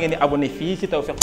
ngeen di abonné fii ci Tawfekh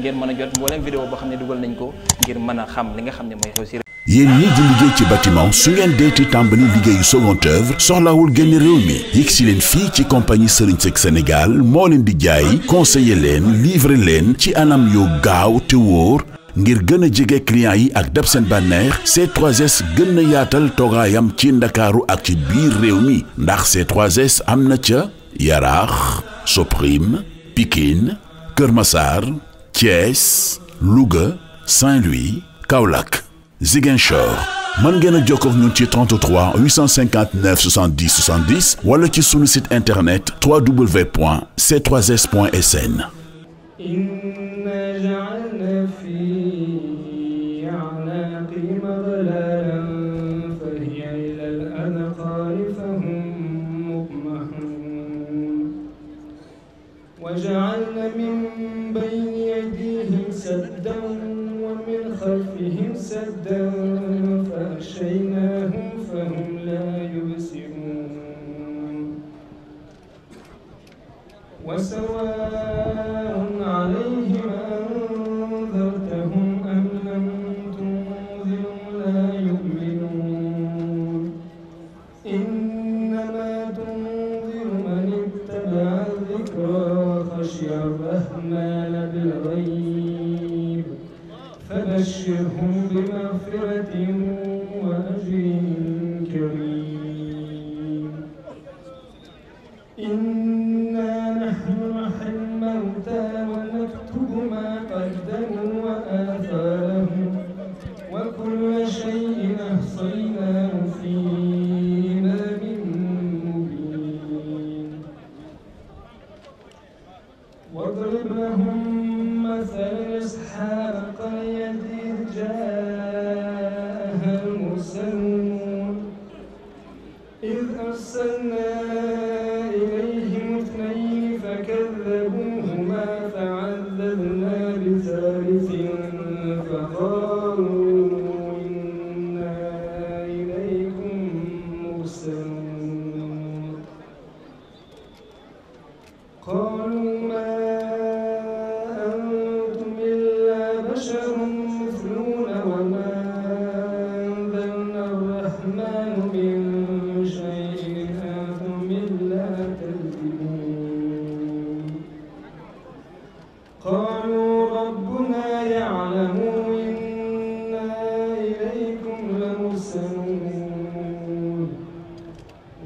ngeen mën a jot mboolem vidéo boo xam ne dugal nañ ko ngir mën a xam li nga xam ne mooy xew ci yéen ñii di liggéey ci bâtiment su ngeen deeti tàmbali liggéeyu seconde œuvre soxlawul génn réew mi yegg si leen fii ci compagnie Serigne Seck Sénégal moo leen di jaay conseiller leen livrer leen ci anam yoo gaaw te wóor ngir gën a jege client yi ak dab seen bànneex c 3 gën a yaatal toogaayam ci ndakaaru ak ci biir réew mi ndax c 3 am na ca Yaraax Soprim Pikine Kër Massar Thiès Louga Saint-Louis Kaolack Ziguinchor mën ngeen a jokkoo ak ñun ci 33 859 70 70 wala ci sunu site internet www.c3s.sn وجعلنا من بين يديهم سدا ومن خلفهم سدا فأغشيناهم فهم لا يبصرون وسواء وبشرهم بمغفرة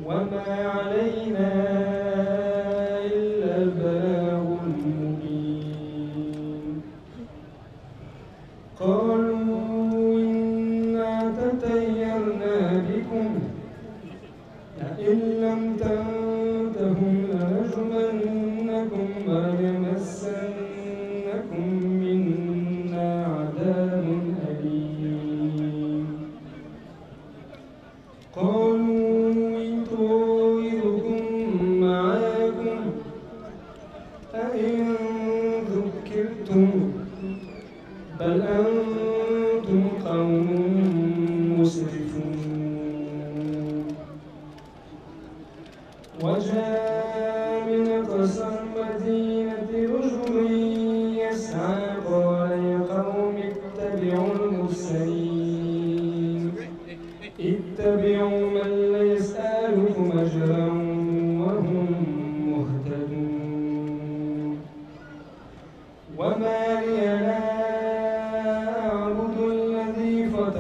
وما علينا إن ذكرتم بل أنتم قوم مسرفون وجاء من أقصى المدينة رجل يسعى قال يا قوم اتبعوا المرسلين اتبعوا من لا يسألكم أجرا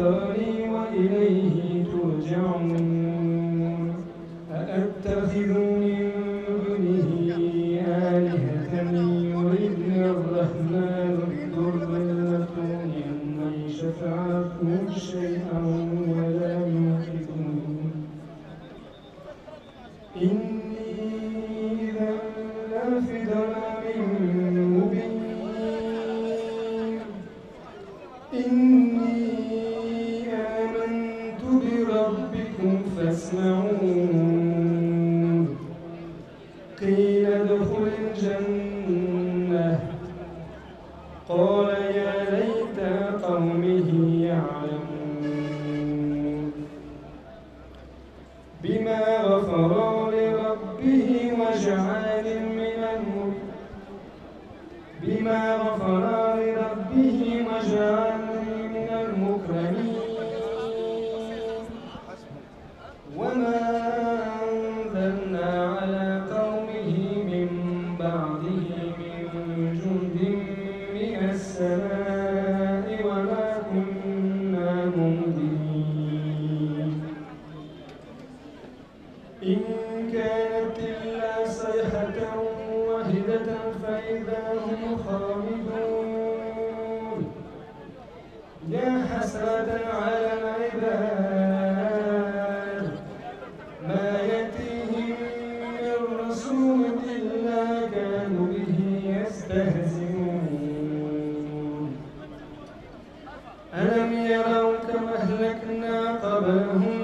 مطري وإليه ترجعون أأتخذ من دونه آلهة يردن الرحمن بما وإذا هم خامدون يا حسرة على العباد ما يأتيهم من رسول إلا كانوا به يستهزئون ألم يروا كما أهلكنا قبلهم